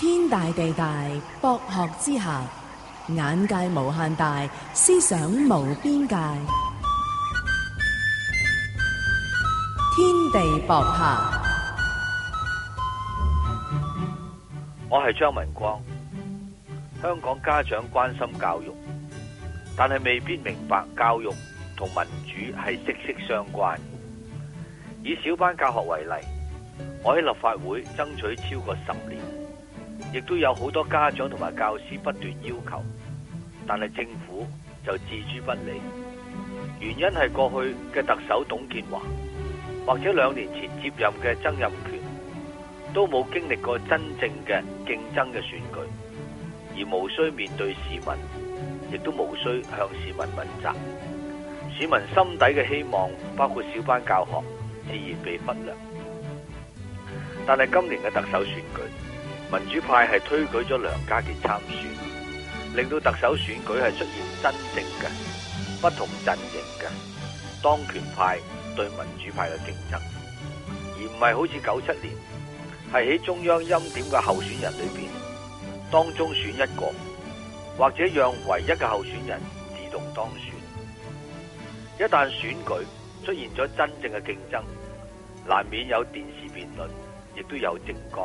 天大地大，博學之下，眼界無限大，思想無邊界。天地博客，我係張文光。香港家長關心教育，但係未必明白教育同民主係息息相關。以小班教學為例，我喺立法會爭取超過十年。亦都有好多家長同埋教師不斷要求，但係政府就置諸不理。原因係過去嘅特首董建華，或者兩年前接任嘅曾蔭權，都冇經歷過真正嘅競爭嘅選舉，而無需面對市民，亦都無需向市民問責。市民心底嘅希望，包括小班教學，自然被忽略。但係今年嘅特首選舉。民主派係推舉咗梁家傑參選，令到特首選舉係出現真正嘅不同陣營嘅當權派對民主派嘅競爭，而唔係好似九七年係喺中央欽點嘅候選人裏邊當中選一個，或者讓唯一嘅候選人自動當選。一旦選舉出現咗真正嘅競爭，難免有電視辯論，亦都有政綱。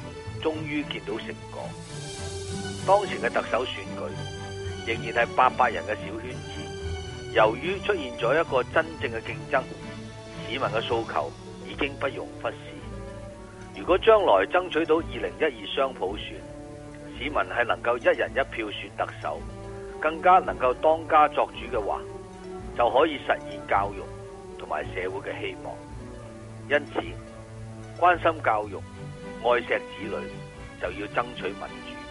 終於見到成果。當前嘅特首選舉仍然係八百人嘅小圈子，由於出現咗一個真正嘅競爭，市民嘅訴求已經不容忽視。如果將來爭取到二零一二雙普選，市民係能夠一人一票選特首，更加能夠當家作主嘅話，就可以實現教育同埋社會嘅希望。因此，關心教育。愛錫子女，就要爭取民主。